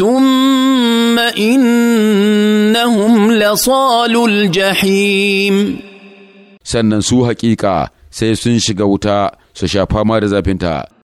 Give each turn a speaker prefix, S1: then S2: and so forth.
S1: ثم إنهم لصال
S2: الجحيم
S3: sannan su haƙiƙa sai sun shiga wuta
S2: su shafa ma da zafinta